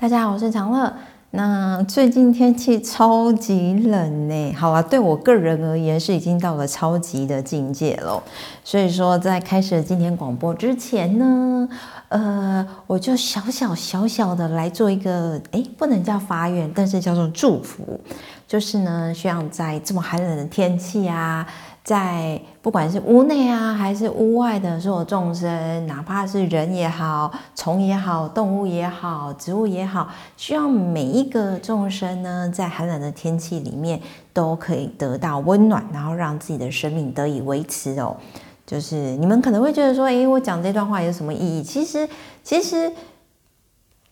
大家好，我是長樂。那最近天氣超級冷呢、欸，好啊，對我個人而言是已經到了超級的境界咯。所以說，在開始今天廣播之前呢，呃，我就小小小小的來做一個，誒，不能叫發願，但是叫做祝福。就是呢，需要在這麼寒冷的天氣啊，在不管是屋內啊還是屋外的所有眾生，哪怕是人也好、蟲也好、動物也好、植物也好，需要每一個眾生呢，在寒冷的天氣裡面都可以得到溫暖，然後讓自己的生命得以維持哦。就是你們可能會覺得說，誒，我講這段話有什麼意義？其實，其實。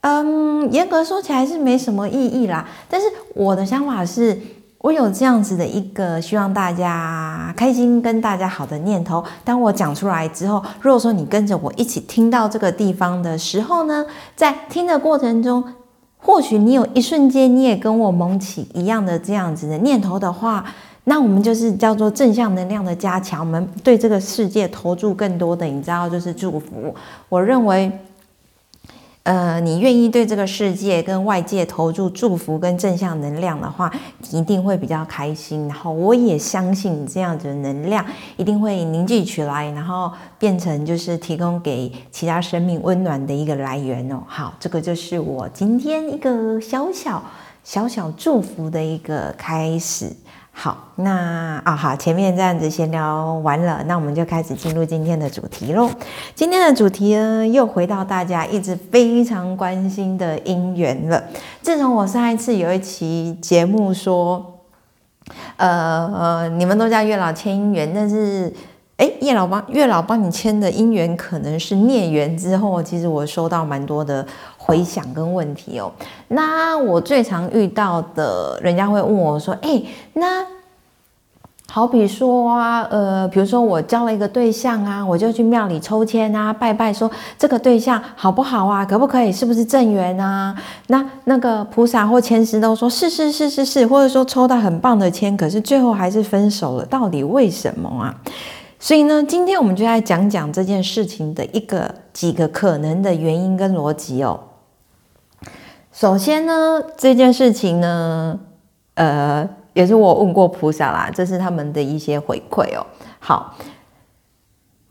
嗯，嚴格說起來是沒什麼意義啦。但是我的想法是，我有這樣子的一個希望大家開心、跟大家好的念頭。當我講出來之後，如果說你跟着我一起聽到這個地方的時候呢，在聽的過程中，或許你有一瞬間你也跟我萌起一樣的這樣子的念頭的話，那我們就是叫做正向能量的加強。我們對這個世界投注更多的，你知道，就是祝福。我認為。呃，你願意對這個世界跟外界投注祝福跟正向能量的話，一定會比較開心。然後，我也相信這樣子的能量一定會凝聚起來，然後變成就是提供給其他生命溫暖的一個來源哦、喔。好，這個就是我今天一個小小小小祝福的一個開始。好，那啊好，前面這樣子閒聊完了，那我們就開始進入今天的主題嘍。今天的主題呢，又回到大家一直非常關心的姻緣了。自從我上一次有一期節目說呃，呃，你們都叫月老牽姻緣，但是哎、欸，月老幫月老幫你牽的姻緣可能是孽緣。之後，其實我收到蠻多的。回想跟問題哦，那我最常遇到的人家會問我說：“誒、欸，那好比說啊，呃，比如說我交了一個對象啊，我就去廟裡抽籤啊，拜拜，說這個對象好不好啊，可不可以，是不是正緣啊？那那個菩薩或籤詩都說是是是是是，或者說抽到很棒的籤，可是最後還是分手了，到底為什麼啊？所以呢，今天我們就來講講這件事情的一個幾個可能的原因跟邏輯哦。”首先呢，這件事情呢，呃，也是我問過菩薩啦，這是他們的一些回饋哦、喔。好，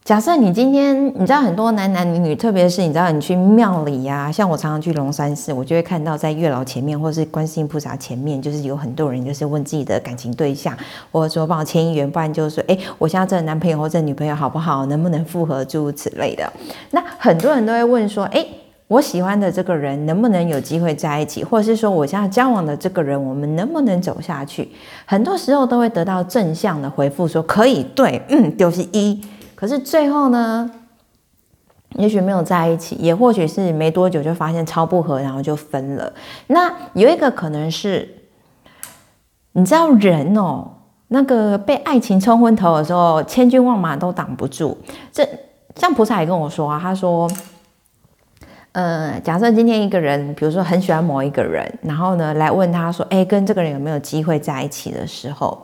假設你今天，你知道很多男男女女，特別是你知道你去廟裡呀、啊，像我常常去龍山寺，我就會看到在月老前面，或是觀世音菩薩前面，就是有很多人就是問自己的感情對象，或者說幫我牽姻緣，不然就是說，哎，我現在這個男朋友或這女朋友好不好，能不能復合住，諸如此類的。那很多人都會問說，哎。我喜歡的這個人能不能有機會在一起，或者是說我現在交往的這個人，我們能不能走下去？很多時候都會得到正向的回復說，說可以，對，嗯，就是一。可是最後呢，也許沒有在一起，也或許是沒多久就發現超不合，然後就分了。那有一個可能是，你知道人哦，那個被愛情沖昏頭的時候，千軍萬馬都擋不住。這像菩薩也跟我說啊，他說。呃，假設今天一個人，比如說很喜歡某一個人，然後呢來問他說：“欸，跟這個人有沒有機會在一起的時候？”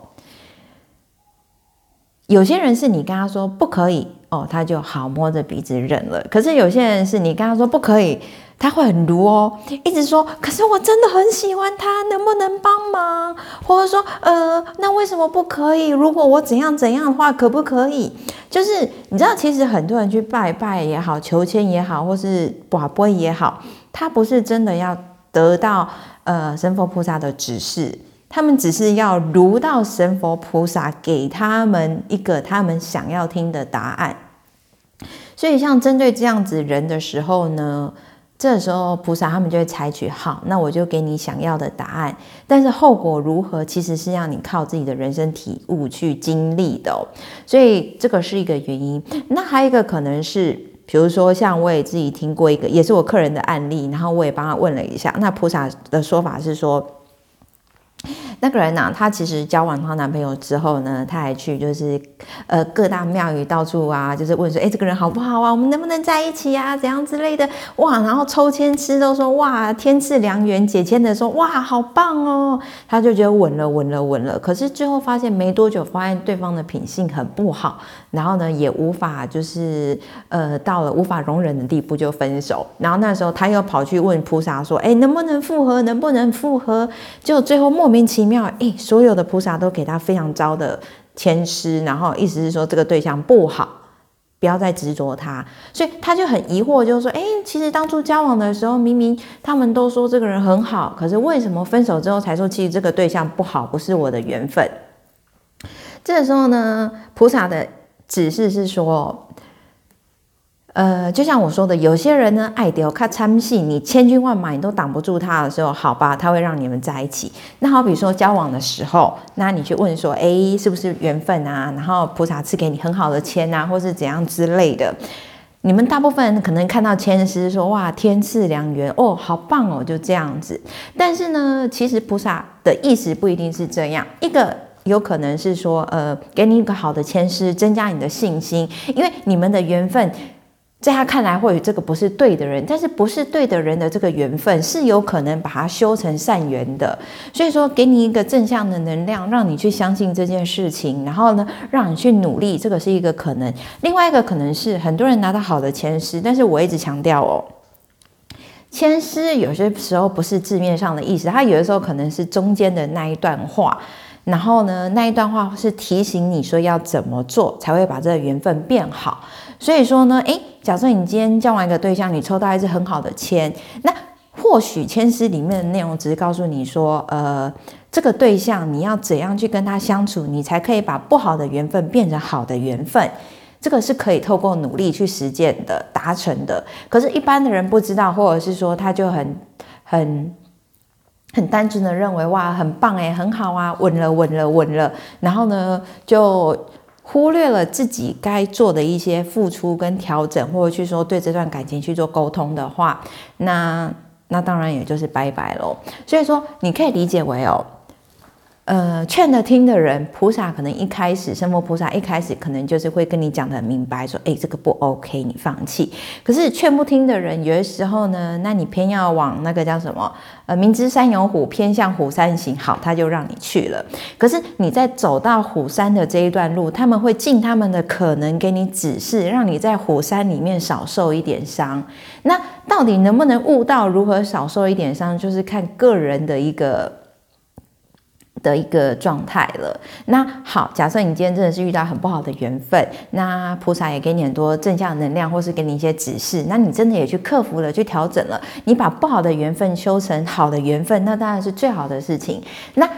有些人是你跟他說不可以哦，他就好摸着鼻子認了。可是有些人是你跟他說不可以，他會很盧哦，一直說。可是我真的很喜歡他，能不能幫忙？或者說，呃，那為什麼不可以？如果我怎樣怎樣的話，可不可以？就是你知道，其實很多人去拜拜也好，求籤也好，或是擲杯也好，他不是真的要得到呃神佛菩薩的指示。他們只是要如到神佛菩薩給他們一個他們想要聽的答案，所以像針對這樣子人的時候呢，這個時候菩薩他們就會採取，好，那我就給你想要的答案，但是後果如何，其實是讓你靠自己的人生體悟去經歷的哦，所以這個是一個原因。那還有一個可能是，比如說像我也自己聽過一個，也是我客人的案例，然後我也幫他問了一下，那菩薩的說法是說。那個人呢、啊，她其實交完她男朋友之後呢，她還去就是，呃，各大廟宇到處啊，就是問說，哎，這個人好不好啊？我們能不能在一起啊？怎樣之類的。哇，然後抽籤詩，都說，哇，天賜良緣，解籤的說，哇，好棒哦。她就覺得穩了，穩了，穩了。可是最後發現沒多久，發現對方的品性很不好。然後呢，也無法就是呃到了無法容忍的地步，就分手。然後那時候他又跑去問菩薩說：“哎，能不能復合？能不能復合？”結果最後莫名其妙，哎，所有的菩薩都給他非常糟的籤詩，然後意思是說這個對象不好，不要再執着他。所以他就很疑惑，就說：“哎，其實當初交往的時候明明他們都說這個人很好，可是為什麼分手之後才說其實這個對象不好，不是我的緣分？”這個時候呢，菩薩的。只是是說，呃，就像我說的，有些人呢愛到卡慘死，你千軍萬馬你都擋不住他的時候，好吧，他會讓你們在一起。那好比說交往的時候，那你去問說，哎、欸，是不是緣分啊？然後菩薩賜給你很好的籤啊，或是怎樣之類的。你們大部分人可能看到籤詩說，哇，天賜良緣哦，好棒哦，就這樣子。但是呢，其實菩薩的意思不一定是這樣一個。有可能是說，呃，給你一個好的籤詩，增加你的信心，因為你們的緣分，在他看來或者這個不是對的人，但是不是對的人的這個緣分是有可能把它修成善緣的。所以說，給你一個正向的能量，讓你去相信這件事情，然後呢，讓你去努力，這個是一個可能。另外一個可能是很多人拿到好的籤詩，但是我一直強調哦，籤詩有些時候不是字面上的意思，它有的時候可能是中間的那一段話。然後呢，那一段話是提醒你說要怎麼做才會把這個緣分變好。所以說呢，誒，假設你今天交往一個對象，你抽到一支很好的籤，那或許籤詩裡面的內容只是告訴你說，呃，這個對象你要怎樣去跟他相處，你才可以把不好的緣分變成好的緣分。這個是可以透過努力去實踐的、達成的。可是，一般的人不知道，或者是說他就很很。很單純的認為哇，很棒欸，很好啊，穩了穩了穩了，然後呢就忽略了自己該做的一些付出跟調整，或者去說對這段感情去做溝通的話，那那當然也就是拜拜嘍。所以說，你可以理解為哦。呃，勸得聽的人，菩薩可能一開始，神佛菩薩一開始可能就是會跟你講得很明白，說，哎、欸，這個不 OK，你放棄。可是勸不聽的人，有的時候呢，那你偏要往那個叫什麼，呃，明知山有虎，偏向虎山行。好，他就讓你去了。可是你在走到虎山的這一段路，他們會盡他們的可能給你指示，讓你在虎山裡面少受一點傷。那到底能不能悟到如何少受一點傷，就是看個人的一個。的一個狀態了。那好，假設你今天真的是遇到很不好的緣分，那菩薩也給你很多正向能量，或是給你一些指示。那你真的也去克服了，去調整了，你把不好的緣分修成好的緣分，那當然是最好的事情。那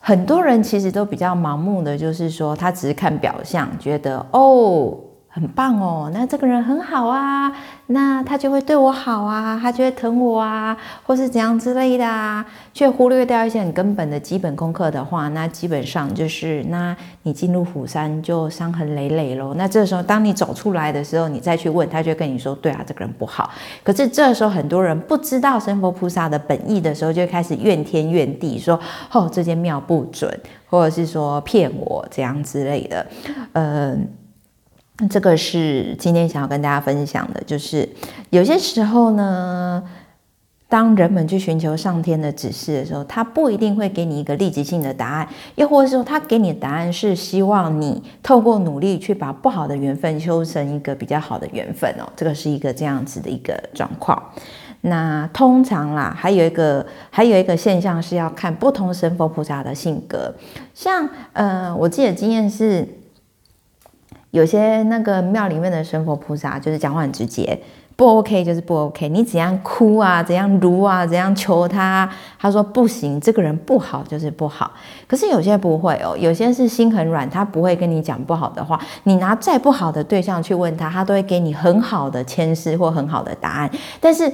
很多人其實都比較盲目的，就是說他只是看表象，覺得哦。很棒哦，那這個人很好啊，那他就會對我好啊，他就會疼我啊，或是怎樣之類的啊。卻忽略掉一些很根本的基本功課的話，那基本上就是，那你進入虎山就傷痕累累嘍。那這時候，當你走出來的時候，你再去問他，就會跟你說，對啊，這個人不好。可是這時候，很多人不知道神佛菩薩的本意的時候，就開始怨天怨地說，哦，這間廟不準，或者是說騙我這樣之類的，嗯、呃。那這個是今天想要跟大家分享的，就是有些時候呢，當人們去尋求上天的指示的時候，他不一定會給你一個立即性的答案，又或者說他給你的答案是希望你透過努力去把不好的緣分修成一個比較好的緣分哦，這個是一個這樣子的一個狀況。那通常啦，還有一個還有一個現象是要看不同神佛菩薩的性格，像呃，我自己的經驗是。有些那個廟裡面的神佛菩薩就是講話很直接，不 OK 就是不 OK。你怎樣哭啊，怎樣盧啊，怎樣求他，他說不行，這個人不好就是不好。可是有些不會哦，有些是心很軟，他不會跟你講不好的話。你拿再不好的對象去問他，他都會給你很好的籤詩或很好的答案。但是。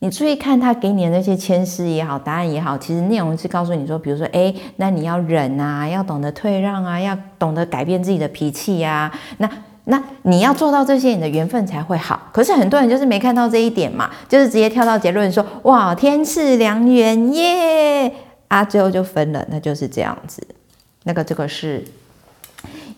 你注意看他給你的那些簽詩也好，答案也好，其實內容是告訴你說，比如說，哎，那你要忍啊，要懂得退讓啊，要懂得改變自己的脾氣呀、啊。那那你要做到這些，你的緣分才會好。可是很多人就是沒看到這一點嘛，就是直接跳到結論說，哇，天賜良緣耶！啊，最後就分了，那就是這樣子。那個這個是。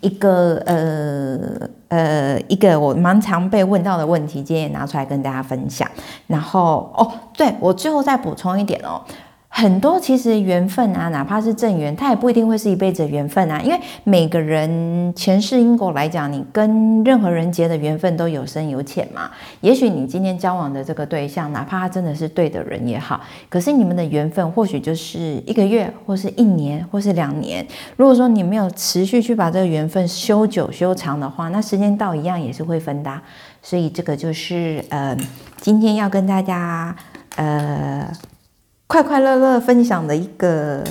一個呃呃一個我蠻常被問到的問題，今天也拿出來跟大家分享。然後哦，對，我最後再補充一點哦。很多其實緣分啊，哪怕是正緣，它也不一定會是一輩子的緣分啊。因為每個人前世因果來講，你跟任何人結的緣分都有深有淺嘛。也許你今天交往的這個對象，哪怕他真的是對的人也好，可是你們的緣分或許就是一個月，或是一年，或是兩年。如果說你沒有持續去把這個緣分修久修長的話，那時間到一樣也是會分的啊。所以這個就是呃，今天要跟大家呃。快快樂樂分享的一個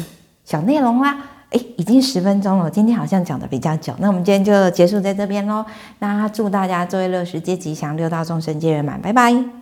小內容啦，哎，已經十分鐘了，今天好像講的比較久，那我們今天就結束在這邊嘍。那祝大家晝夜六時皆吉祥，六道眾生皆圓滿，拜拜。